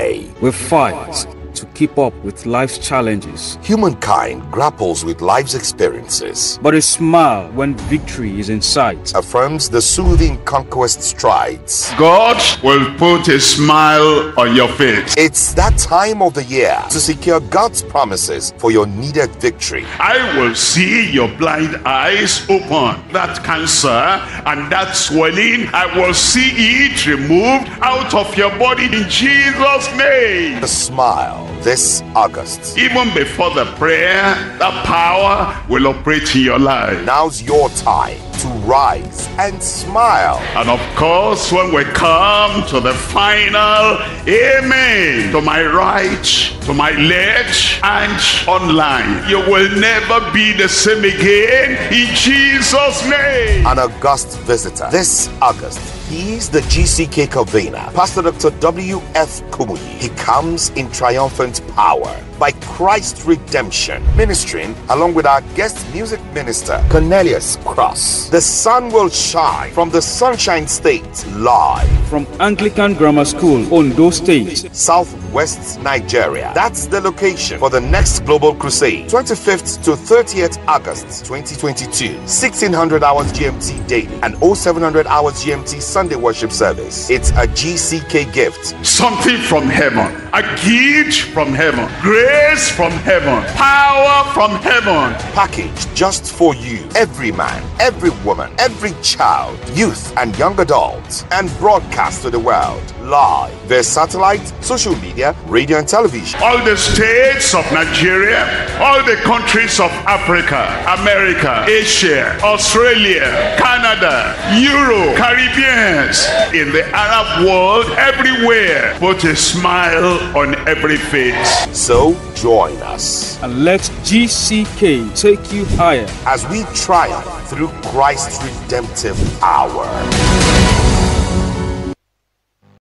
away with fires to keep up with life's challenges. Humankind grapples with life's experiences, but a smile when victory is in sight affirms the soothing conquest strides. God will put a smile on your face. It's that time of the year to secure God's promises for your needed victory. I will see your blind eyes open, that cancer and that swelling, I will see it removed out of your body in Jesus' name. The smile this August. Even before the prayer, that power will operate in your life. Now's your time to rise and smile. And of course, when we come to the final, amen, to my right, to my left, and online, you will never be the same again in Jesus' name. An august visitor this August. He's the GCK convener, Pastor Dr. W.F. Kumuyi. He comes in triumphant power by Christ's redemption, ministering along with our guest music minister, Cornelius Cross. The sun will shine from the Sunshine State live. From Anglican Grammar School, Ondo State, Southwest Nigeria. That's the location for the next Global Crusade, 25th to 30th August 2022, 1600 hours GMT daily and 0700 hours GMT Sunday worship service. It's a GCK gift. Something from heaven, a gift from heaven. Great grace from heaven, power from heaven. Package just for you. Every man, every woman, every child, youth, and young adults, and broadcast to the world live via satellite, social media, radio, and television. All the states of Nigeria, all the countries of Africa, America, Asia, Australia, Canada, Europe, Caribbeans, in the Arab world, everywhere. Put a smile on every face. So join us. And let GCK take you higher as we triumph through Christ's redemptive hour.